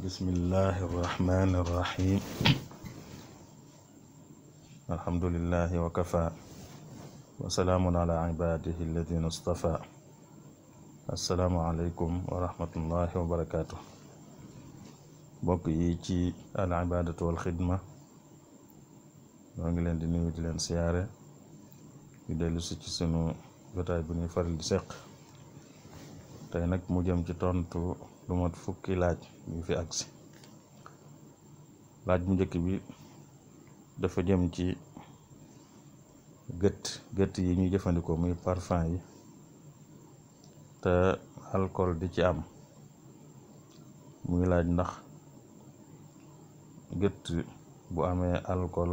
بسم الله الرحمن الرحيم الحمد لله وكفى وسلام على عباده الذين اصطفى السلام عليكم ورحمة الله وبركاته بوك العبادة والخدمة نغي لين دي نيو سيارة دي ديلو سي سونو جوتاي بني فرل دي سيق تاي نك lu mat fukki laaj yu fi aksi laaj bu njëkk bi dafa jëm ci gëtt gëtt yi ñuy jëfandikoo muy parfum yi ta alcool di ci am muy laaj ndax gëtt bu amé alcool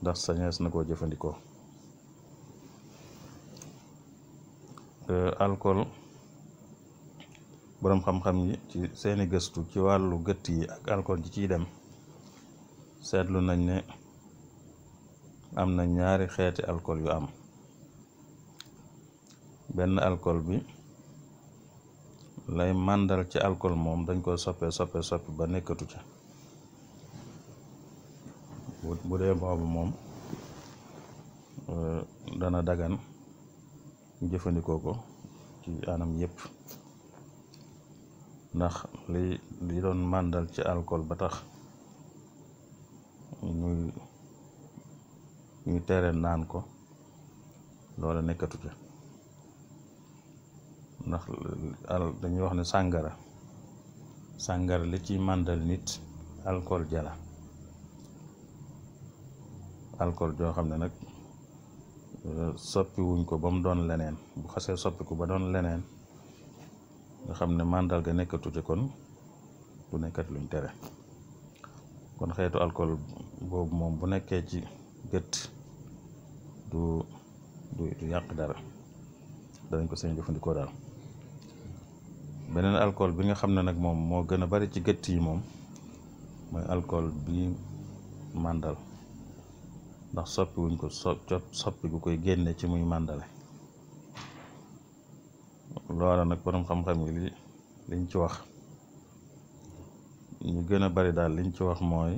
ndax sañes na koo jëfandikoo euh, alcool boroom xam-xam yi ci seeni gëstu ci wàllu gëtt yi ak alcool ji ciy dem seetlu nañ ne am na ñaari xeeti alcool yu am benn alcool bi lay màndal ci alcool moom dañ koy soppe soppe soppi ba nekkatu ca bu dee boobu moom euh, dana dagan jëfandikoo ko ci anam yépp ndax li li doon màndal ci alcool ba tax ñuy ñuy tere naan ko loola nekkatu ca ndax dañuy wax ne sàngara sàngara li ci màndal nit alcool jala alcool joo xam ne nag soppi ko ba mu doon leneen bu xasee soppiku ba doon leneen nga xam ne màndarga nekkatu ci kon du nekkat luñ tere kon xeetu alcool boobu moom bu nekkee ci gët du du yàq dara danañ ko seen jëfandikoo daal beneen alcool bi nga xam ne nag moom moo gën a bari ci gët yi moom mooy alcool bi màndal ndax soppi wuñ ko so soppi gu koy génne ci muy màndale loola nag borom xam-xam yi liñ ci wax ñu gën a bari daal liñ ci wax mooy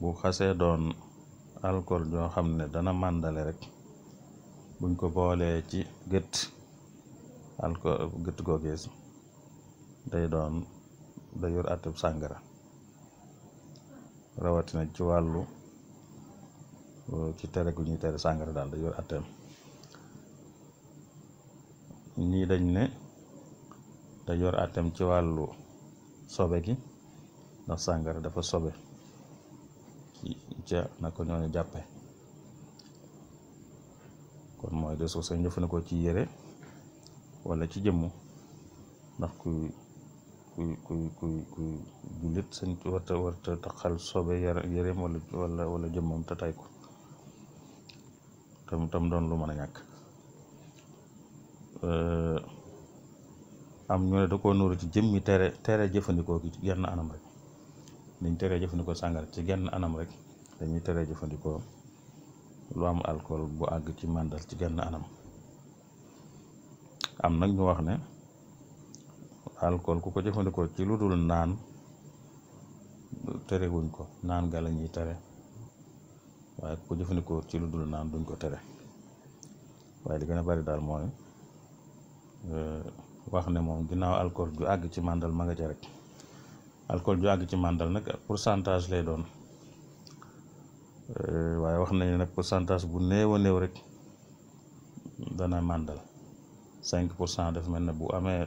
bu xasee doon alcool joo xam ne dana màndale rek buñ ko boolee ci gët alcool gët googees day doon da yor àttub sàngara rawatina ci wàllu ci tere gu ñuy tere sàngara daal da yor àtteem ñii dañ ne dañ war àttem ci wàllu sobe gi ndax sàngara dafa soobe ca na ko ñooñu jàppe kon mooy des ko sañ jëfandikoo ci yére walla ci jëmm ndax kuy kuy kuy kuy kuy jullit sañ warta warta taxal sobe yéreem walla walla walla jëmmam te tay ko tam tam doon lu mën a ñàkk Euh, am ñu ne da koo nuuru ci jëmmi tere tere jëfandikoo gi ci genn anam rek niñ teree jëfandikoo sàngara ci genn anam rek dañuy tere jëfandikoo lu am alcool bu àgg ci màndal ci genn anam am nag ñu wax ne alcool ku ko jëfandikoo ci lu dul naan terewuñ ko naan ga ñuy tere waaye ko jëfandikoo ci lu dul naan duñ ko tere waaye li gën bari daal mooy Euh, wax ne moom ginnaaw alcool ju àgg ci màndal ma nga ja rek alcool ju àgg ci màndal nag pourcentage lay doon euh, waaye wax nañu nag pourcentage bu néew a néew rek dana màndal cinq pour cent daf mel na bu amee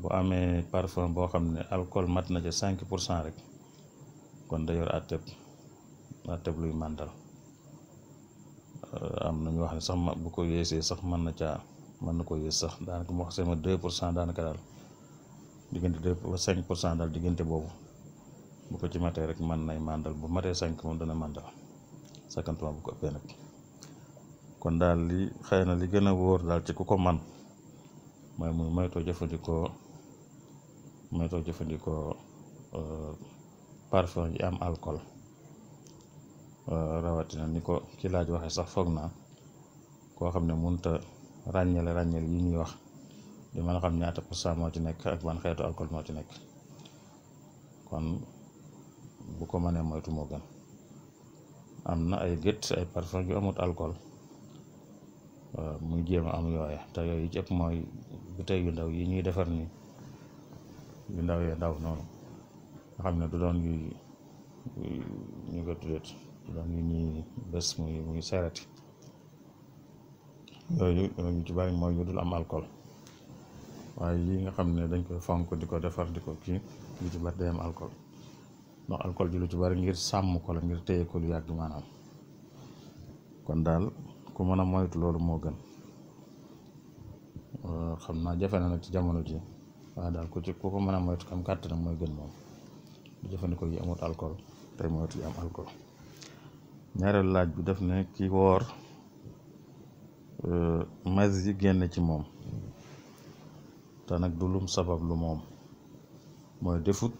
bu amee parfum boo xam ne alcool mat na ca cinq pour cent rek kon da yor àtteb àtteb luy màndal euh, am nañu wax ne sax bu ko yéesee sax man na caa man ko yu sax dan ko wax sama 2% dan ka dal digënté 2 5% dal digënté bobu bu ko ci maté rek man nay mandal bu maté 5 mo dana mandal 50 bu ko pé nak kon dal li xeyna li gëna wor dal ci kuko man moy moy may to jëfëndiko may to jëfëndiko euh parfum yi am alcool euh rawati na niko ci laaj waxe sax fogg na ko xamne munta ragnel ragnel yi ñuy wax di mëna xam ñaata pour cent moo ci nek ak ban xéetu alcool mo ci nek kon bu ko mënee moytu mo gën amna ay gëtt ay parfum yu amut alcool euh muy jëm am yoy ta yoy yi ci ëpp mooy bouteille yu ndaw yi ñuy défar ni yu ndaw ya ndaw non nga xam ne du doon yu ñu ko tuddee du doon yu ñi bés muy muy sérati yooyu ñu ci bari mooy yu dul am alcool waaye yi nga xam ne dañ koy fonk di ko defar di ko kii lu ci bari day am alcool ndax alcool ji lu ci bari ngir sàmm ko la ngir téye ko lu yàgg maanaam kon daal ku mën a moytu loolu moo gën euh, xam naa jafe na nag ci jamono ji waaye daal ku ci ku ko mën a moytu kam kàttanam mooy gën moom bu jëfandikoo yi amut alcool tey moytu yi am alcool ñaareelu laaj bu def ne ki woor Euh, mazi yi génn ci moom te nag dulum sabab lu moom mooy defut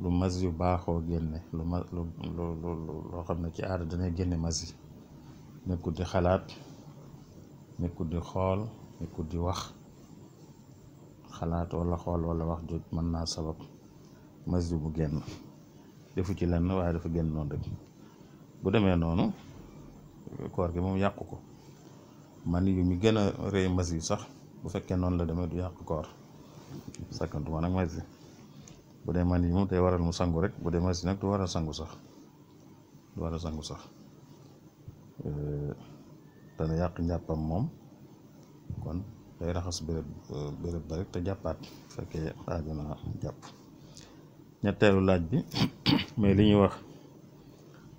lu mas yu baaxoo génne lu ma lu loo xam ne ci aada danay génne masi nekkut di xalaat nekkul di xool nekkul di wax xalaat wala xool wala wax ju mën naa sabab mas bu génn defu ci lenn waaye dafa génn noonu rek bu demee noonu koor gi moom yàqu ko man yu mi gën a rëy mas yi sax bu fekkee noonu la demee du yàq koor sàkkantuma nag mas bu dee man yi moom day waral mu sangu rek bu dee mas yi nag du waral sangu sax du waral sangu sax dana yàq njàppam moom kon day raxas béréb béréb ba rek te jàppaat bu fekkee aajo jàpp ñetteelu laaj bi mais li ñuy wax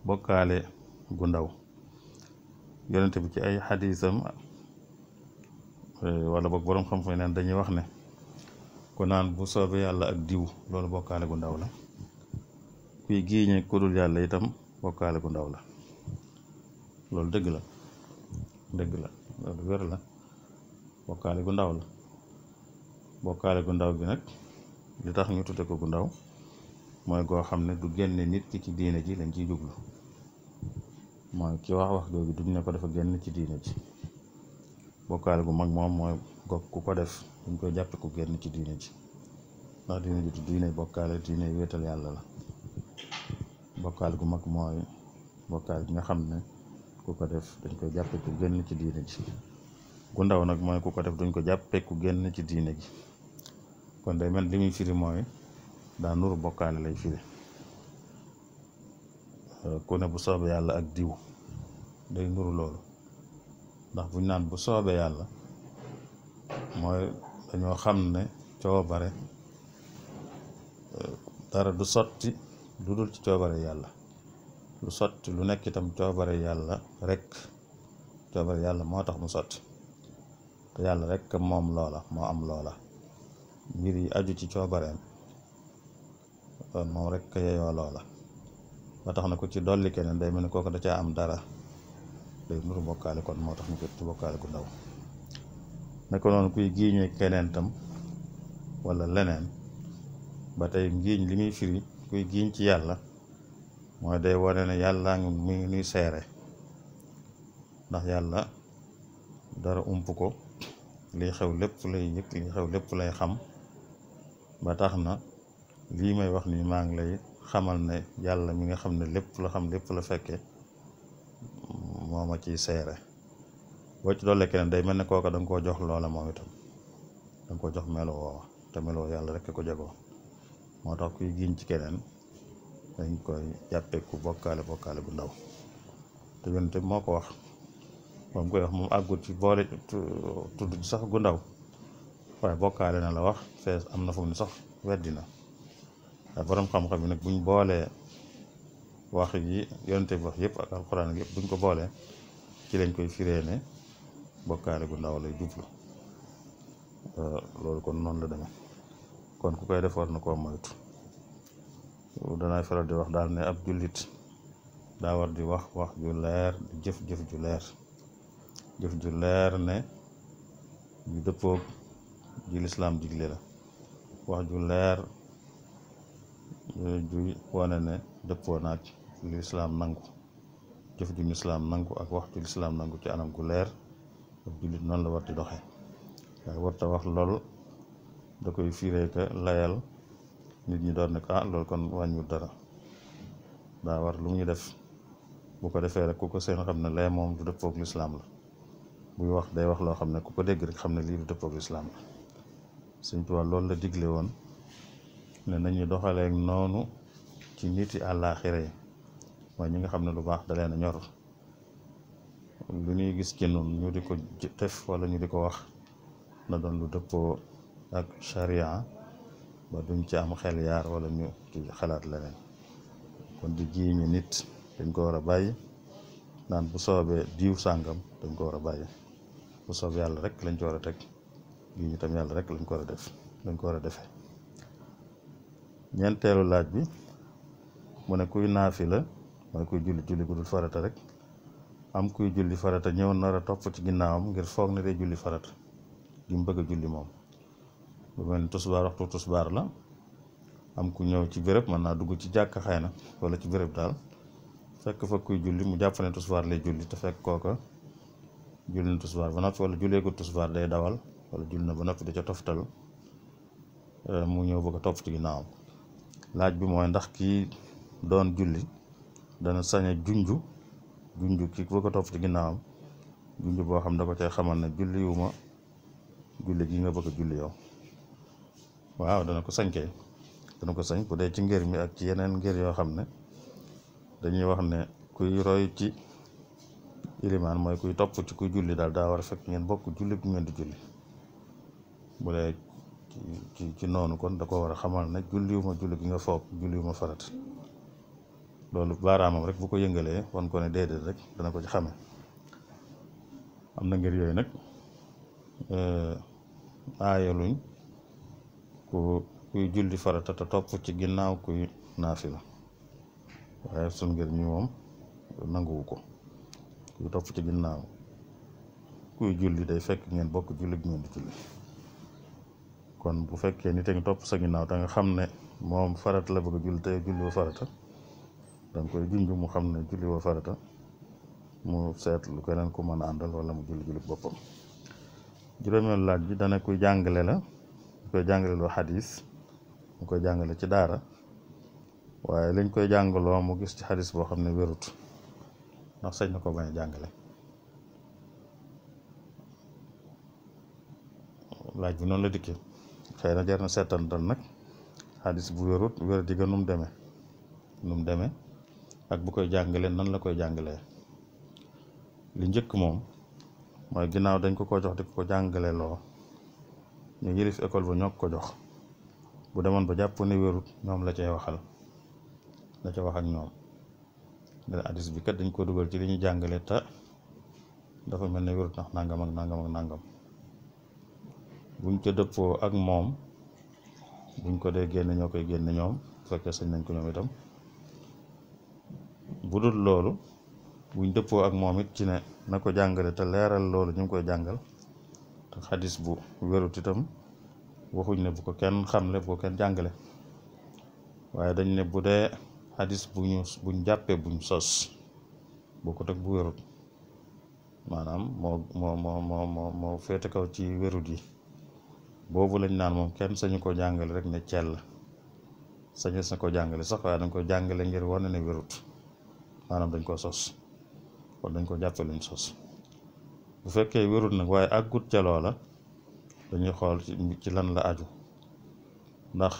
bokkaale gu ndaw yonente bi ci ay xadisam eh, wala boog boroom xam fa neen dañuy wax ne ku naan bu soobee yàlla ak diw loolu bokkaale gu ndaw la kuy giiñe ku dul yàlla itam bokkaale gu ndaw la loolu dëgg la dëgg la loolu wér la bokkaale gu ndaw la ndaw gi nag lu tax ñu tudde ko gu ndaw mooy goo xam ne du génne nit ki ci diine ji lañ ciy jublu mooy ki wax wax googu duñ ne ko defa génn ci diine ji bokkaale gu mag moom mooy ko ku ko koy jàppe ku génn ci diine ji ndax diine ji du diine bokkaale la bokkaale gu mag mooy bokkaale gi nga xam ne ku ko def dañ koy jàppe ku génn ci diine ji gu ndaw nag mooy ku ko def duñ ko jàppe ku génn ci diine ji kon day mel li muy firi mooy daa nuru bokkaale lay firi ku ne bu soobee yàlla ak diw day nuru loolu ndax buñ naan bu soobee yàlla mooy dañoo xam ne coobare eh, dara du sotti lu dul ci coobare yàlla lu sotti lu nekk itam coobare yàlla rekk coobare yàlla moo tax mu sotti te yàlla rekk moom loola moo am loola ngir yi aju ci coobareem moom rekk yeyoo loola ba tax na ko ci dolli keneen day mel ni kooko da caa am dara day nuru bokkaale kon moo tax mu ko ci bokkaale gu ndaw naka noonu kuy giiñee keneen tam wala leneen ba tey ngiiñ li muy firi kuy giiñ ci yàlla mooy day wane na yàlla ngi mu ngi nuy seere ndax yàlla dara ump ko liy xew lépp lay yëg liy xew lépp lay xam ba tax na lii may wax nii maa ngi lay xamal ne yàlla mi nga xam ne lépp la xam lépp la fekke moo ma ciy seere boo ci doole keneen day mel ne kooka da nga koo jox loola moom itam da nga koo jox melo woowa te melo yàlla rek ko jagoo moo tax kuy giñ ci keneen dañ koy jàppee ku bokkaale bokkaale gu ndaw te yonent moo ko wax moom koy wax moom àggut ci boole tudd sax gu ndaw waaye bokkaale na la wax fees am na fu mu ne sax weddi na waaye borom xam-xam yi nag buñ boolee. wax yi yonte bi wax yëpp ak alxuraan yëpp buñ ko boolee ci lañ koy firee ne bokkaale gu ndaw lay jublu loolu kon noonu la demee kon ku koy def na koo moytu danay faral di wax daal ne ab julit daa war di wax wax ju leer jëf jëf ju leer jëf ju leer ne ju dëppoog ji lislaam digle la wax ju leer eh, ju wane ne dëppoo naaj lu islaam nangu jëf ju lislaam nangu ak wax ju lislaam nangu ci anam gu leer ak jullit noonu la war di doxe waaye warta wax lool da koy fiiree layal nit ñi doon ne ko ah loolu kon wàññiwul dara daa war lu mu ñu def bu ko defee rek ku ko seen xam ne lee moom du dëppoog lislaam la buy wax day wax loo xam ne ku ko dégg rek xam ne lii du dëppoog lislaam la Sëñ Tuubaa loolu la digle woon ne nañuy doxaleek noonu ci niti àllaaxira yi mooy ñi nga xam ne lu baax da leen a ñor lu ñuy gis ci noonu ñu di ko def wala ñu di ko wax na doon lu dëppoo ak charia ba duñ ci am xel yaar wala ñu ci xalaat leneen kon di ji ñu nit dañ ko war a bàyyi naan bu soobee diw sàngam dañ ko war a bàyyi bu soobee yàlla rek lañ ci war a teg ji ñu tam rek lañ ko war a def lañ ko war a defee ñeenteelu laaj bi mu ne kuy naafi la mooy kuy julli julli gudul farata rek am kuy julli farata ñew na ra top ci ginnaawam ngir fogg ne day julli farata gi mu bëgg julli mom bu mel ni waxtu tusbaar la am ku ñew ci béréb man na dugg ci jakk xeyna wala ci béréb dal fekk fa kuy julli mu japp ne tusbaar lay julli te fekk kooka julli na tusbaar ba noppi wala ko tusbaar day dawal wala julli na ba noppi da ca toftal eh, mu ñew bëgg top ci ginnaawam laaj bi moy ndax ki doon julli dana sañ a junju junju ki ko topp ci ginnaawam junju boo xam da ko cay xamal ne julliwuma julli gi nga bëgg a julli yow waaw dana ko sañ kay dana ko sañ bu dee ci ngir mi ak ci yeneen ngir yoo xam ne dañuy wax ne kuy roy ci ilimaan mooy kuy topp ci kuy julli daal daa war a fekk ngeen bokk julli bu ngeen di julli bu dee ci ci noonu kon da ko war a xamal ne julliwuma julli gi nga foog julliwuma farat loolu baaraamam rek bu ko yëngalee wan ko ne déedéet rek dana ko ci xame am na ngir yooyu nag eh, aayaluñ ku kuy julli farata te topp ci ginnaaw kuy naafila waaye sun ngir ñi moom nanguwu ko kuy topp ci ginnaaw kuy julli day fekk ngeen bokk julli bi ngeen di julli kon bu fekkee nit a ngi topp sa ginnaaw te nga xam ne moom farata la bëgg a julli te julli farata danga koy junj mu xam ne julli wa farata mu seet lu keneen ku mën a àndal wala mu julli julli boppam juróomeelu laaj bi dana kuy jàngale la ñu mu koy jàngale ci daara waaye liñ koy jàngaloo mu gis ci xadis boo xam ne wérut ndax sañ na ko bañ a jàngale laaj bi noonu la dikkee xëy na jar na seetantal nag xadis bu wérut wér di ga num demee num demee ak bu koy jàngalee nan la koy jàngalee li njëkk moom mooy ginnaaw dañ ko ko jox di ko jàngale loo ñu yilif école ba ñoo ko jox bu demoon ba jàpp ne wérut ñoom la cay waxal la ca wax ak ñoom dana addis bi kat dañ ko dugal ci li ñu jàngale ta dafa mel ne wérut ndax nangam ak nangam buñ ca dëppoo ak moom buñ ko dee génne ñoo koy génne ñoom bu fekkee sañ nañ ko ñoom itam bu dul loolu buñ dëppoo ak moom it ci ne na ko jàngale te leeral loolu ñu ngi koy jàngal te xadis bu wérut itam waxuñ ne bu ko kenn xamle bu ko kenn jàngale waaye dañ ne bu dee xadis bu ñu buñ jàppee buñ sos boo ko teg bu wérut maanaam moo moo moo moo moo moo féete kaw ci wérut yi boobu lañ naan moom kenn sañu ko jàngale rek ne la sañes na ko jàngale sax waaye dañ ko jàngale ngir wane ne wérut maanaam dañ koo sos kon dañ ko jàppe luñ sos bu fekkee wérut nag waaye àggut ca la dañuy xool ci lan la aju ndax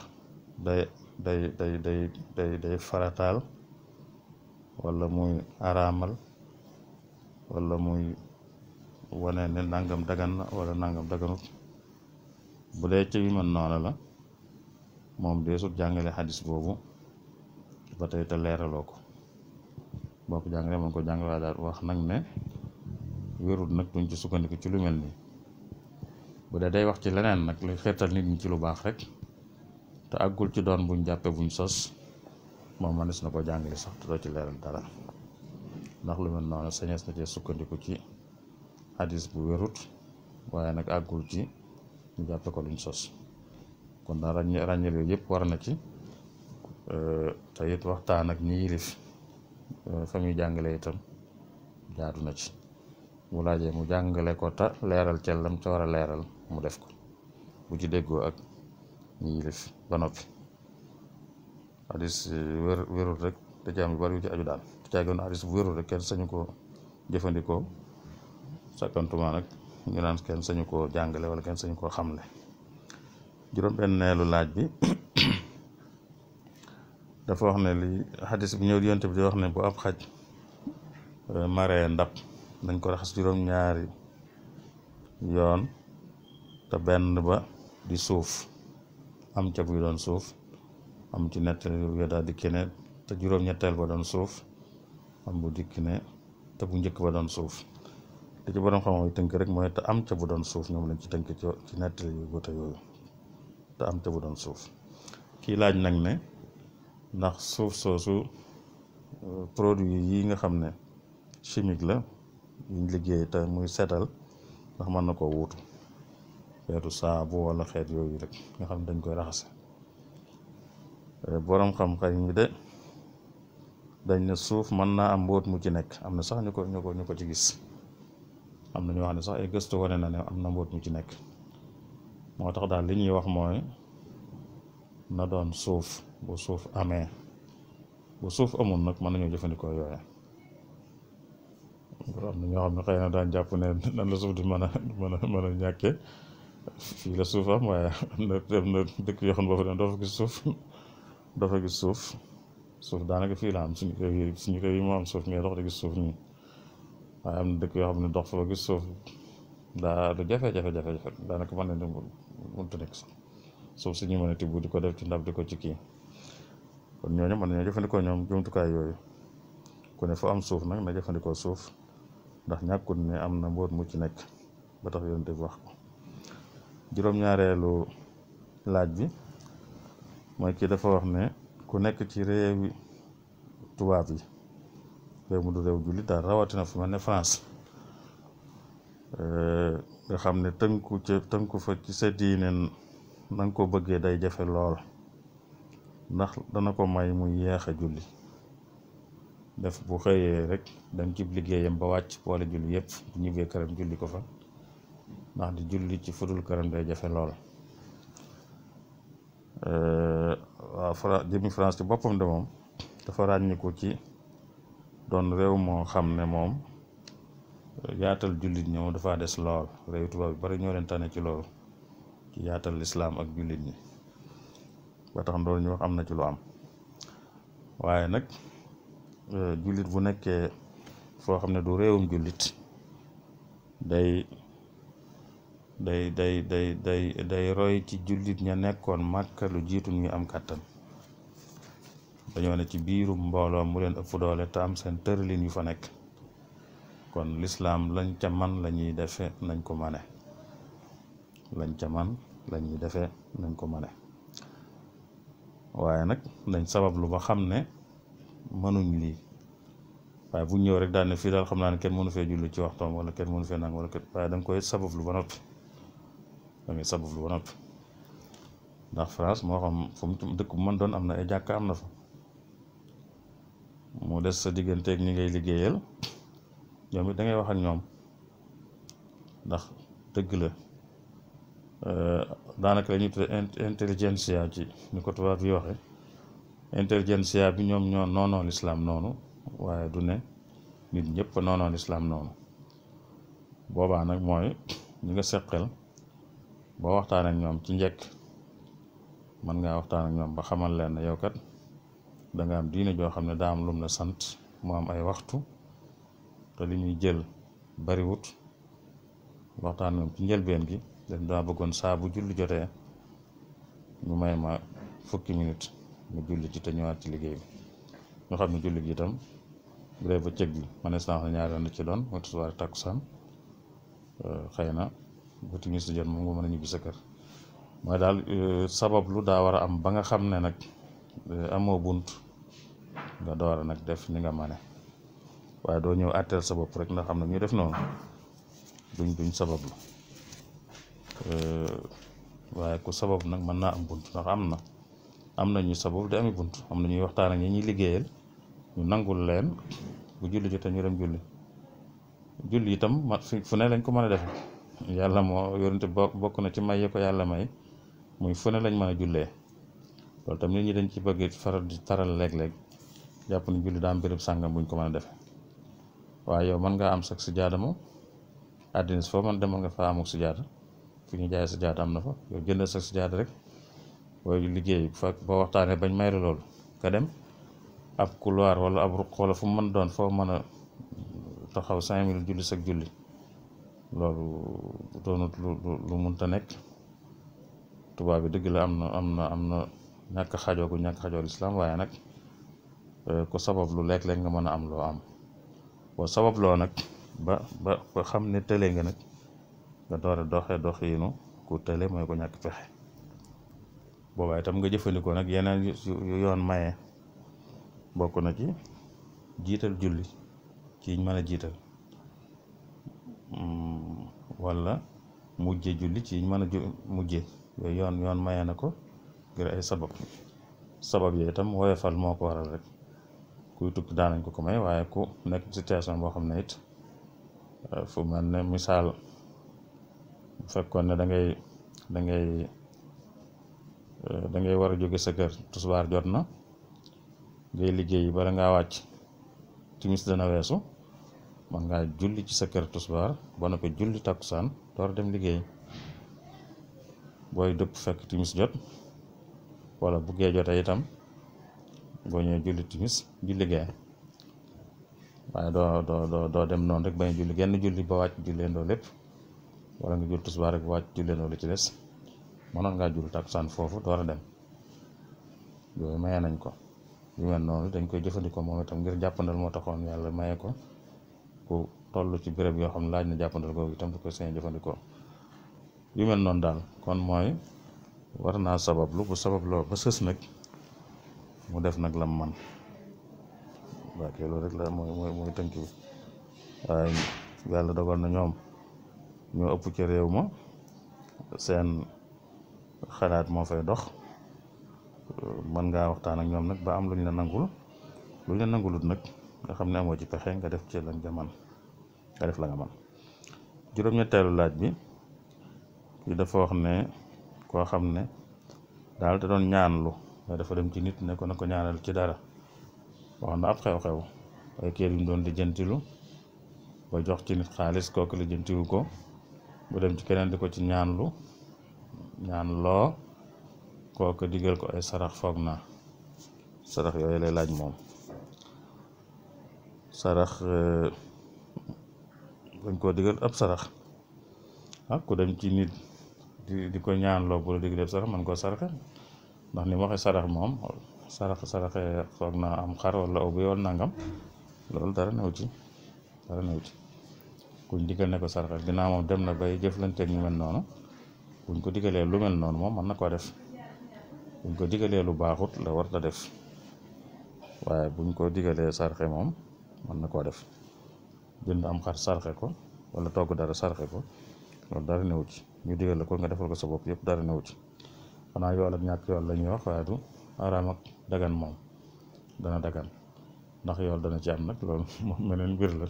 day day day day day day farataal walla muy araamal walla muy wane ne nangam dagan na walla nangam daganut bu dee ci mën noona la moom deesut jàngale xadis boobu ba tey te leeraloo ko boo ko jàngalee moom ko jàngal waaye daal wax nag ne wérut nag duñ ci sukkandiku ci lu mel nii bu dee day wax ci leneen nag luy xeetal nit ñi ci lu baax rek te àggul ci doon buñ jàppee buñ sos moom mënees na ko jàngale sax te ci leeral dara ndax lu mel noonu sañees sukkandiku ci hadis bu wérut waaye nag àggul ci ñu ko luñ sos kon daal ràññeel yooyu yëpp war na ci euh, te it waxtaan ak ñi yilif Euh, fa muy jàngale itam jaadu na ci bu laajee mu jàngale ko ta leeral ca lam ca war a leeral mu def ko bu ci déggoo ak ñi ba noppi hadis euh, wér rek da ci am yu ci aju daal te caagoon hadis bu wérul rek kenn sañu koo jëfandikoo sakkantuma nag ñu naan kenn sañu koo jàngale wala kenn sañu koo xamle juróom-benneelu laaj bi dafa wax ne li xadis bi ñëw yonte bi di wax ne bu ab xaj euh, maree ndab dañ ko raxas juróom-ñaari yoon te benn ba di suuf am ca buy doon suuf am ci nettali yu daal dikki te juróom-ñetteel doon suuf am bu dikki ne te bu njëkk ba doon suuf li ci borom xam-xam tënk rek mooy te am ca bu doon suuf ñoom lañ ci tënk ci nettali yu guute yooyu te am ca bu doon suuf kii laaj nag ne ndax suuf soosu euh, produit yi nga xam ne chimique la yuñ liggéey te muy setal ndax mën na ko wuutu xeetu saabu wala xeet yooyu rek nga xam ne dañ koy raxase euh, boroom xam-xam yi de dañ ne suuf mën naa am mbóot mu ci nekk am na sax ñu ko ñu ko ci gis am na ñoo wax ne sax ay gëstu wane na ne am na mbóot mu ci nekk moo tax daal li ñuy wax mooy na doon suuf bu suuf amee bu suuf amul nag mën nañoo jëfandikoo yooya am na ñoo xam ne xëy na daan jàpp ne nan la suuf di mën a mën a mën fii la suuf am waaye am na dëkk yoo xam ne boo fa dem gis suuf doo fa gis suuf suuf daanaka fii la suñu réew yi suñu am suuf ngay dox gis suuf waaye am dëkk yoo xam ne dox fa gis suuf daa du jafe-jafe jafe-jafe daanaka mën nañ dem mënut a nekk suuf si ñu mën bu di ko def ci ndab di ko ci kii kon ñooñu mën nañoo jëfandikoo ñoom jumtukaay yooyu ku ne fu am suuf nag na jëfandikoo suuf ndax ñàkkut ne am na mbóot mu ci nekk ba tax yonent wax ko juróom-ñaareelu laaj bi mooy kii dafa wax ne ku nekk ci réewi tubaab yi réew mu du réew jullit daal rawatina fu mel ne France eh, nga xam ne tënku ca tënku fa ci sa diine na nga ko bëggee day jafe lool ndax dana ko may mu yeexa julli def bu xëyee rek dang ci liggéeyam ba wàcc boole julli yépp bu ñibbee këram julli ko fa ndax di julli ci fudul këram day jafe lool waaw Fra jëmi France ci boppam de moom dafa ràññiku ci doon réew moo xam ne yaatal jullit dafa des lool réew tubaab bi bari ñoo leen tane ci loolu ci yaatal l'islam ak jullit ñi ba tax loolu ñu wax am na ci lu am waaye nag euh, jullit bu nekkee foo xam ne du réewum jullit day day day day day day roy ci jullit ña nekkoon màkka lu jiitu ñu am kàttan dañoo ne ci biirum mbooloo mu leen ëpp doole te am seen tëralin yu fa nekk kon lislaam lañ ca man la ñuy defe nañ ko mane lañ ca man defe nañ ko mane waaye nag dañ sabablu ba xam ne mënuñ lii waaye bu ñëw rek daal ne fii daal xam naa ne kenn mënu fee julli ci waxtoom wala kenn mënu fee nang wala kenn waaye da nga koy sabablu ba noppi da ngay sabablu ba noppi ndax France moo xam fu mu dëkk bu mën doon am na ay jàkka am na fa mu des sa digganteeg ñi ngay liggéeyal ñoom it da ngay wax ak ñoom ndax dëgg la. Euh, daanaka la ñuy tuddee intelligentsia ci ni ko tubaab yi waxee intelligentsia bi ñoom ñoo noonoo lislaam noonu waaye du ne nit ñëpp noonoo lislaam noonu boobaa nag mooy ñu nga seqal boo waxtaan ñoom ci njëkk mën ngaa waxtaan ak ñoom ba xamal leen ne yow kat da am diine joo xam ne daa am lum la sant mu am ay waxtu te li ñuy jël bariwut waxtaan ñoom ci njëlbeen gi def daa bëggoon saa bu julli jotee ñu may ma fukki minute mu julli ci te ñëwaat ci liggéey bi ñu xam ne julli gi itam bu dee ba bi ma ne sànq ñaari yoon ci doon mooy tisbaar takkusaan euh, xëy na bu timis di jot moom nga mën a ñibbi sa kër mooy daal euh, sabab lu daa war a am ba nga xam ne nag euh, amoo bunt nga door nag def ni nga mane waaye doo ñëw àtteel sa bopp rek ndax xam ne ñu def noonu duñ duñ sabab waaye ku sabab nag mën naa am bunt ndax am na am na ñuy sabab di ami bunt am na ñuy waxtaan ak ñi ñuy liggéeyal ñu nangul leen bu julli jotee ñu dem julli julli itam ma a defe yàlla moo yorante bokk na ci may ko yàlla may muy fu lañ mën a jullee loolu tam ñi dañ ci bëgg faral di taral léeg-léeg jàpp ni julli daa am béréb sàngam buñ ko mën a defe waaye yow man ngaa am sax si jaadama àddina si foo mën demal nga fa amuk si fi ñu jaay sa jaata am na fa yow jëndal sa jaata rek waaye liggéey fa boo waxtaanee bañ may la loolu nga dem ab couloir wala ab ruq wala fu mën doon foo mën a taxaw cinq minutes julli sa julli loolu doonut lu lu munta nekk tubaab bi dëgg la am na am na am na ñàkk xajoo gu ñàkk xajoo lislaam waaye nag euh, ku sabab lu lekk-lekk nga mën a am loo am boo sabab loo nag ba ba xam ne tëlee nga nag nga door a doxe doxiinu ku tële mooy ko ñàkk pexe boobaa itam nga jëfandikoo nag yeneen yu yoon maye bokk na ci jiital julli ci mën a jiital mm, walla mujje julli ci mën a mujje yooyu yoon yoon maye na ko ngir ay sabab sabab yooyu itam woyofal moo ko waral rek kuy tukki daanañ ko ko may waaye ku nekk situation boo xam ne it eh, fu mel misaal fekkone da ngay da ngay eh, da ngay wara joge sa keur tousbar jotna ngay liggey ba nga wacc timis dana wessu man nga julli ci sa keur tousbar ba julli takusan tor dem liggey boy dëpp fekk timis jot wala bu ge jotay itam boo julli timis julli ge waaye do do do dem non rek bañ julli genn julli ba wacc julle ndo lepp wala nga jul tisbaar rek wàcc jullenoo lu ci des mënoon ngaa jul takkusaan foofu door a dem yooyu maye nañ ko yu mel noonu dañ koy jëfandikoo moom itam ngir jàppandal moo taxoon yàlla maye ko ku toll ci béréb yoo xam ne laaj na jàppandal googu itam da koy seen jëfandikoo yu mel noonu daal kon mooy war naa sabablu bu sababloo ba sës nag mu def nag lam man waaw loolu rek la mooy mooy mooy bi yàlla dogal na ñoom ñoo ëpp ci réew ma seen xalaat moo fay dox man ngaa waxtaan ak ñoom nag ba am lu ñu la nangul lu ñu la nangulut nag nga xam ne amoo ci pexe nga def ci la nga man nga def la man juróom-ñetteelu laaj bi li dafa wax ne koo xam ne daal da doon ñaanlu nga dafa dem ci nit ne ko na ko ñaanal ci dara wax na ab xew-xew ay kër yu doon lijjantilu ba jox ci nit xaalis kooku lijjantiwu ko bu dem ci keneen di ko ci ñaanlu ñaan loo kooku digal ko ay sarax foog sarak? sarax yooyu lay laaj moom sarax eh, dañ ko digal ab sarax ah ku dem ci nit di di ko ñaanloo bu la digalee sarax man koo saraxe ndax ni mu waxee sarax moom sarax saraxe foog naa am xar wala obu wala nangam loolu dara new ci dara kuñ digal ne ko saraxal ginnaaw moom dem na bay jëflanteeg ñu mel noonu buñ ko digalee lu mel noonu moom mën na koo def buñ ko digalee lu baaxut la war def waaye buñ ko digalee sarxe moom mën na koo def jënd am xar sarxe ko wala togg dara sarxe ko loolu dara newu ci ñu digal la ko nga defal ko sa bopp yëpp dara newu ci xanaa yool ak ñàkk yool la ñuy wax waaye du araam ak dagan moom dana dagan ndax yool dana ci am nag loolu moom meneen mbir la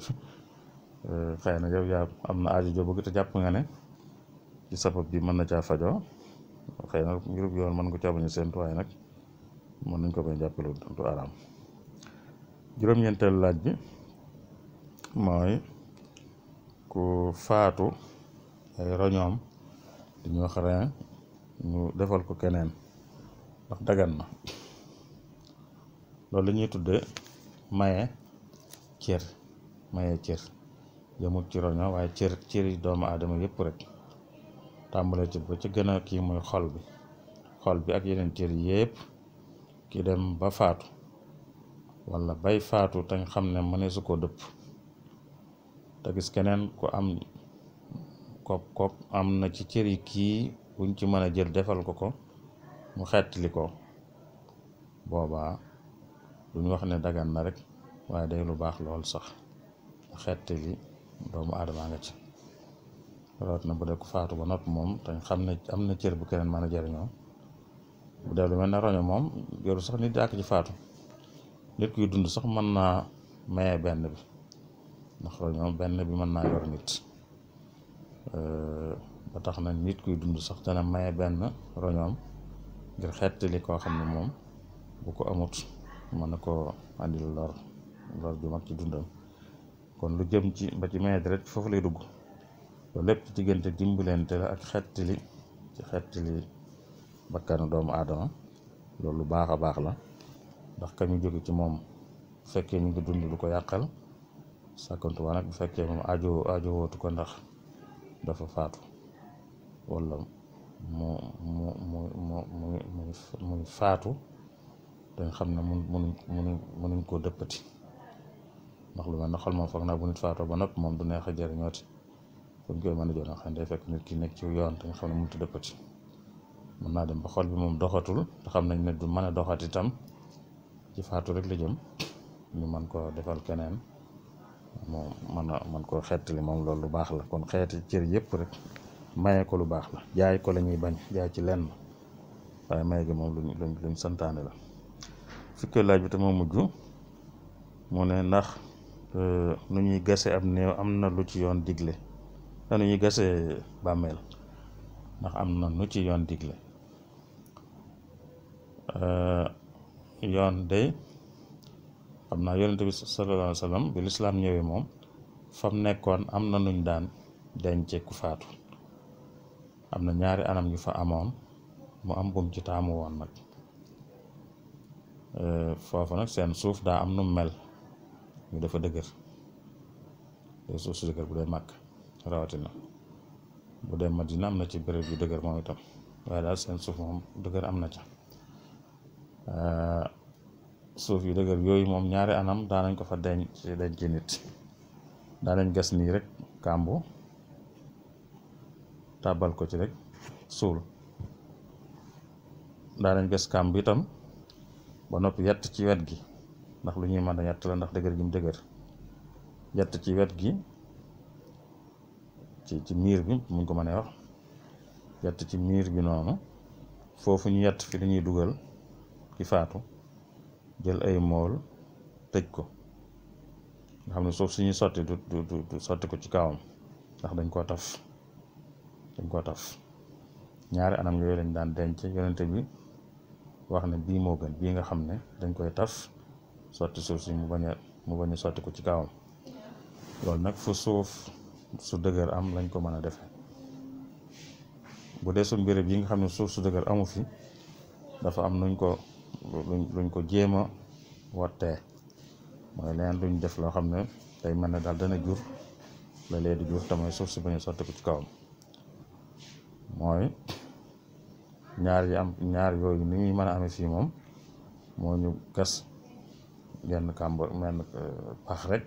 xëy na yow yaa am na aajo joo bëgg te jàpp nga ne ci sabab bi mën na caa fajoo xëy na ngirub yoon mën nga caa bañ a waaye nag mën nañ ko bañ jàppe lu du araam juróom-ñeenteelu laaj bi mooy ku faatu ay roñoom dañoo xaree ñu defal ko keneen ndax dagan na loolu la ñuy tudde maye cër maye cër yamut ci roño waaye ci cëri doomu adama yep rek tambale ci bu ci gëna ki moy xol bi xol bi ak yeneen cër yep ki dem ba faatu wala bay faatu tan xamne mané su ko gis kenen ku am kop kop am na ci cëri ki buñ ci mëna jël defal ko ko mu xettali ko boba duñ wax ne dagan na rek waye day lu bax lol sax xettali doomu adama nga ci rawat na bu dee ku faatu ba noppi moom tañ xam ne am na cër bu keneen mën a jëriñoo bu dee lu mel ne roño moom yoru sax nit ak ci faatu nit kuy dund sax mën naa maye benn bi ndax roño benn bi mën naa yor nit ba tax na nit kuy dund sax dana maye benn roñoom ngir xettali koo xam ne moom bu ko amut mën na koo andil lor lor ju mag ci dundam kon lu jëm ci ba ci may deret foofu lay dugg loolu lépp ci diggante dimbalante la ak xettali ci xettali bakkanu doomu aadama loolu lu baax a baax la ndax ka ñu jóge ci moom bu fekkee ñu ngi dund lu ko yàqal sàkkantuwaa nag bu fekkee moom aajo aajo wootu ko ndax dafa faatu walla mu mu mu mu mu muy faatu dañ xam ne mun munuñ munuñ koo dëppati ndax lu mel ne xol moom foog naa bu nit faatoo ba nopp moom du neex a jëriñooti kon koy mën a jox xam ne day fekk nit ki nekk ci yoon te nga xam ne mënut a mën naa dem ba xol bi moom doxatul xam nañ ne du mën a doxat itam ci faatu rek la jëm ñu mën koo defal keneen moom mën a mën koo xettali moom loolu lu baax la kon xeeti cër yépp rek maye ko lu baax la jaay ko lañuy ñuy bañ jaay ci lenn waaye maye gi moom luñ luñ luñ santaane la fukki laaj bi te moo mujj mu ne ndax. Euh, nu ñuy gase ab am na lu ci yoon digle nu ñuy gase bàmmeel ndax am na nu ci yoon digle euh, yoon day xam naa yonente bi sallallahu alayhi wa sallam bi lislaam ñëwee moom fam nekkoon am na ñu daan dence ku faatu am na ñaari anam yu fa amoon mu am bum ci taamu woon nag euh, foofu nag seen suuf daa am nu mel ñu dafa dëgër te suuf su dëgër bu dee màkk rawatina bu dee madina am na ci béréb yu dëgër moom itam waaye daal seen suuf moom dëgër am na ca suuf yu dëgër yooyu moom ñaari anam daanañ ko fa ci deñ ci nit daanañ gas nii rek kàmbu tàbbal ko ci rek suul daanañ gas kàmbu itam ba noppi yett ci wet gi ndax lu ñuy mën ñatt la ndax dëgër gi mu dëgër ñatt ci wet gi ci ci mir bi muñ ko mënee wax ñatt ci miir bi nonu fofu ñu ñatt fi dañuy duggal ki faatu jël ay mool tëj ko nga xamne sof suñu soti du du du soti ko ci kawam ndax dañ ko taf dañ ko taf ñaari anam yoy lañ daan denc yonente bi wax ne bii moo gën bii nga xam ne dañ koy taf sotti suuf si mu bañ mu bañ a sotti ko ci kawam loolu nag fu suuf su dëgër am lañ ko mën a defe bu dee suñ béréb yi nga xam ne suuf su dëgër amu fi dafa am luñ ko luñ ko jéem a wattee mooy leneen luñ def loo xam ne day mën ne daal dana jur la lee di jur te mooy suuf si bañ a ko ci kawam mooy ñaar yi am ñaar yooyu ni ñuy mën a amee fii moom moo ñu gas genn kàmbar menn eh, pax rek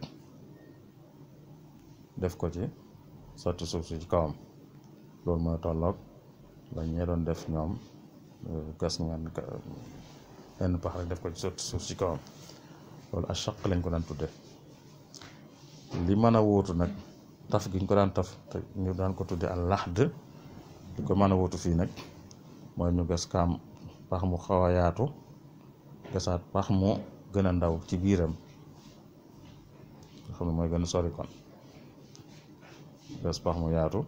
def ko ci sotti suuf si ci kawam loolu mooy tolloog la ñee doon def ñoom eh, gas ngeen benn pax rek def ko ci sotti suuf si kawam loolu achaq lañ ko daan tudde li mën a wóotu nag taf gi ñu ko daan taf te ñu daan ko tudde al laxd li ko mën a wóotu fii nag mooy ñu gas kaam pax mu xaw a yaatu gasaat pax mu gën a ndaw ci biiram xam ne mooy gën a sori kon mu yaatu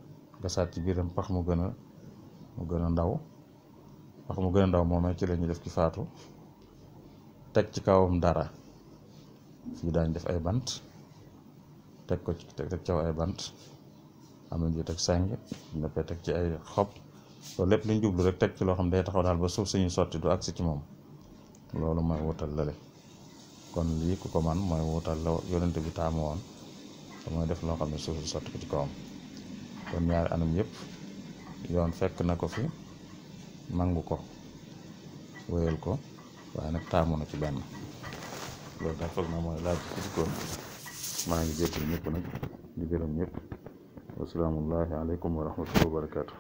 gasaat ci biiram pax mu gën a mu gën a ndaw pax mu gën a ndaw moomee ci la ñuy def ki faatu teg ci kawam dara fii daañ def ay bant teg ko ci teg caw bant am nañ ci teg sàng dappee teg ci ay xob loolu lépp luñ jublu rek teg ci loo xam day taxaw daal ba suuf suñuy sotti du agsi ci moom loolu mooy wutal lale kon lii ku ko man mooy wuutal la yonent bi taamu woon te def loo xam ne suuf si sotti ko ci kon ñaari anam yëpp yoon fekk na ko fi mangu ko wéyal ko waaye nag taamu na ci benn loolu daal foog naa mooy laaj ci kon maa ngi jégalu ñëpp nag di gërëm ñëpp wasalaamullahi aleykum wa wa barakaatu.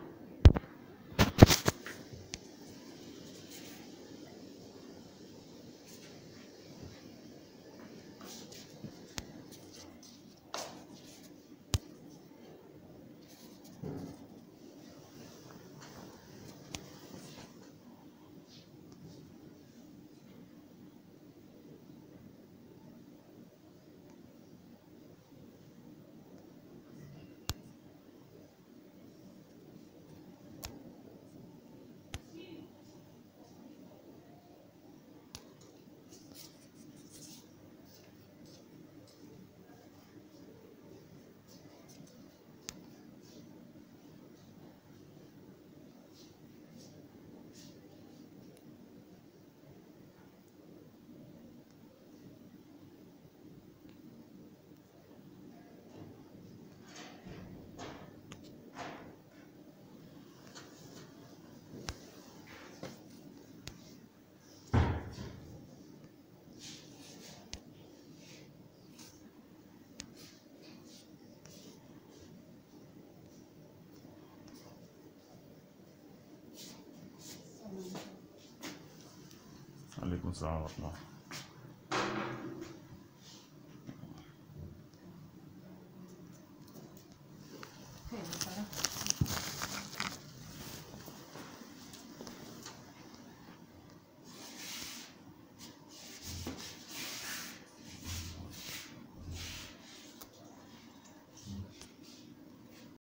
不知道了。